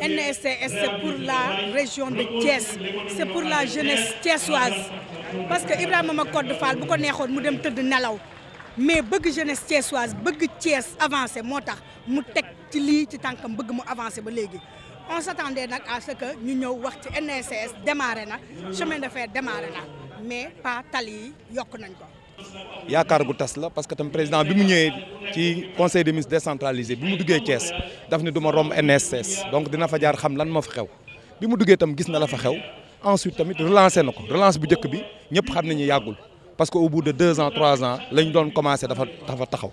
N.S.S. c'est pour la région de Thiès, c'est pour la jeunesse thiessoise. Parce que Ibrahima Macodou Fall, bu ko neexoon mu dem a nelaw mais la jeunesse thiessoise bëgg Thiès avance, moo tax mu teg ci lii ci tànkam bëgg mu avancé ba léegi. on s'attendait à ce que ñu ñëw wax ci chemin de fer démarré mais pas tali Yoko yokk nañ yaakaar gu tas la parce que tam président bi mu ñëwee ci conseil des ministres décentralisé bi mu duggee Thiès daf ne du ma romb NSS donc dina fa jaar xam lan moo fa xew bi mu duggee tam gis na la fa xew ensuite tamit relancé na ko relance bu njëkk bi ñëpp xam nañu yàggul parce que au bout de deux ans trois ans lañ doon commencé dafa dafa taxaw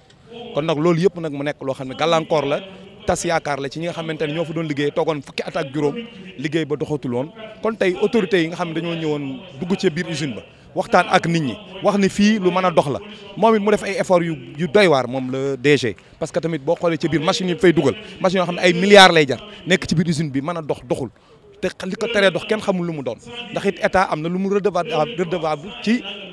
kon nag loolu yëpp nag mu nekk loo xam ne gàllankoor la tas yaakaar la ci ñi nga xamante ne ñoo fa doon liggéey toogoon fukki at ak juróom liggéey ba doxatul woon kon tey autorité yi nga xam ne dañoo ñëwoon dugg ci biir usine ba. waxtaan ak nit ñi wax ni fii lu mën a dox la moom it mu def ay effort yu yu doy waar moom la DG parce que tamit boo xoolee ci biir machine yi fay dugal machine yoo xam ne ay milliards lay jar nekk ci biir usine bi mën a dox doxul te li ko teree dox kenn xamul lu mu doon ndax it état am na lu mu redevable redevable ci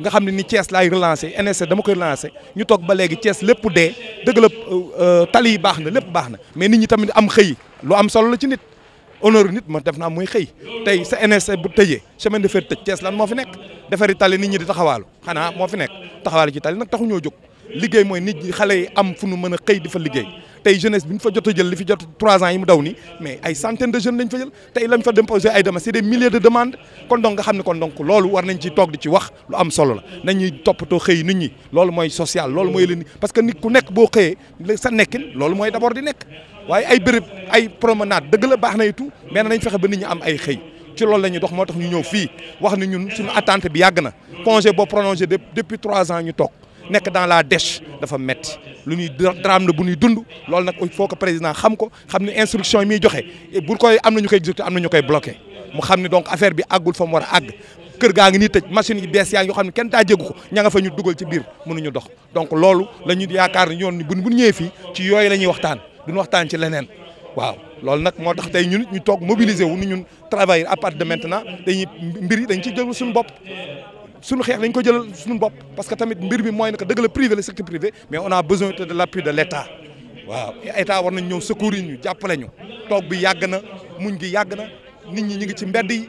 nga xam ne ni Thiès laay relancé NSC dama koy relancé ñu toog ba léegi cees lépp dee dëgg la euh, euh, tali yi baax na lépp baax na mais nit ñi tamit am xëy lu am solo la ci nit honneur nit ma def naa mooy xëy tey sa NSC bu tëjee chemin de fer cees Thiès lan moo fi nekk defari tali nit ñi di taxawaalu xanaa moo fi nekk taxawaalu ci tali nag taxu ñoo jóg liggéey mooy nit ñi xale yi am fu nu mën a xëy di fa liggéey tay jeunesse biñ trois ans mais ay centaines de jeunes lañ c'est des milliers de demandes kon donc nga kon donc war nañ ci ci solo la nañuy nit ñi social parce que nit ku nek bo xey sa nekkin lolu d'abord di nek ay ay promenade tout mais nañ fexé ba nit ñi am ay xey ci dox ñu ñëw wax ni ñun attente bi yàgg na congé prolongé depuis trois ans nek dans la dèche dafa metti lu ñuy drame la bu ñuy dund lool nak il faut que président xam ko xam ni instruction yi muy joxe bu koy am nañu koy exécuté am nañu koy bloqué mu xam ni donc affaire bi agul fa mu war ag àgg kër gaa ngi nii tëj machine yi bees ya nga yoo xam ne kenn taa ko ña nga fa ñu duggal ci biir ñu dox donc loolu lañu ñu yaakaar ni yoon bu ñu ñëwee fii ci yoy la waxtaan duñu waxtaan ci leneen waaw lool nak motax tay ñun ñu tok mobiliser wu ñun travailler à partir de maintenant dañuy mbir dañ ci jël suñu bop suñu xeex dañ ko jël suñu bop parce que tamit mbir bi moy ne que le privé le secteur privé mais on a besoin de l'appui de l'État état waaw état war nañ ñëw secourir ñu jappalé ñu tok bi yàgg na muñ gi yàgg na nit ñi ñu ngi ci mbedd yi